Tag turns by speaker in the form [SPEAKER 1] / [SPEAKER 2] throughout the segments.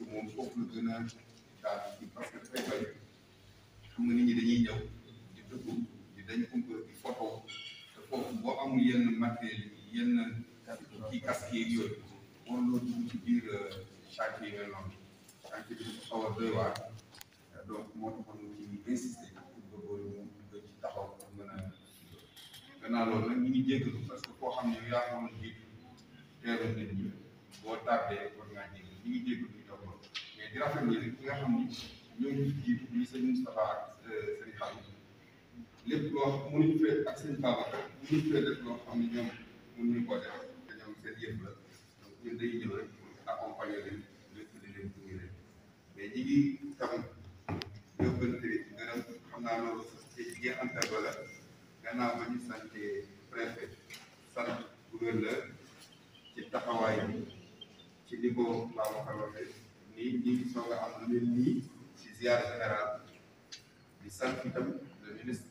[SPEAKER 1] que moom foofu la gën a daal di parce que dafay bay xam ñi dañuy ñëw di dugg di dañ kumpa di photo te foofu boo amul yenn matériel yenn ci casque yooyu waruloo dugg ci biir euh, chantier yi mel noonu chantier bi dafa xaw a doy waar donc moo taxoon ñu insisté pour ba loolu mu mën a gannaaw loolu nag ñu ngi jéggalu parce que koo xam ne yaa ngi woon jiitu teeru nit ñi boo tardé war ngaa dégg ñu ngi dégg ñu toog mais di rafetlu rek ki nga xam ni ñoo ngi jiitu muy ak euh, sëñ Fallou lépp loo xam mënuñu ak sëñ Babacar mënuñu fee def loo xam ne ñoom mënuñu ko def te ñoom seen yëpp la donc ñun dañuy ñëw rek accompagner leen lépp di leen gunge leen mais ñi ngi tam yóbbante gërëm xam naa loolu ci jigéen antara la gannaaw ba ñu sant préfet sant gouverneur ci ni ko maama xam waxee nii ñu ngi a am lu mel nii ci ziar général di sant itam ministre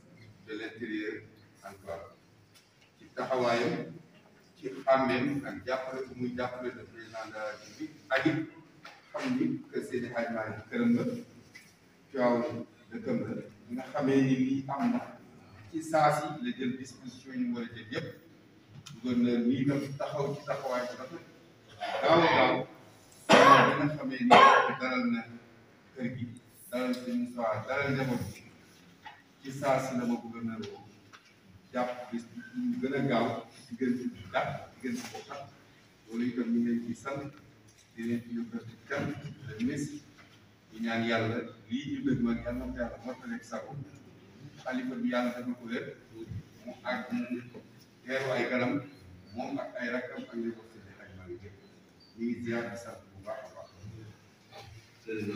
[SPEAKER 1] de l' intérieur ci taxawaayam ci xàmmeem ak jàppale bu muy jàppale le président de la République ak xam ni que Seydi Hadji Malick këram la Tiwaawan dëkkam la nga xamee ni lii am na ci saa la jël disposition yi mu war a jël yëpp gouverneur mii itam taxaw ci taxawaay bi rafet gaaw a gaaw xamee ni dalal na kër gi dalal sëñ Moussa dalal ci saa si la ma bëgg jàpp gën a gaaw ci gën ci ko xat loolu itam ñu ngi leen ciy sant di ci yóbbal ci kan le ministre ñaan yàlla lii ñu dëgg ma yàlla na ko yàlla mottaleeg sago xalifa bi yàlla dafa ko lépp mu àgg mu teeru garam moom ak ay rakkam ak li ko sëñ bi ak maa ngi jëpp ñu ngi ziar di président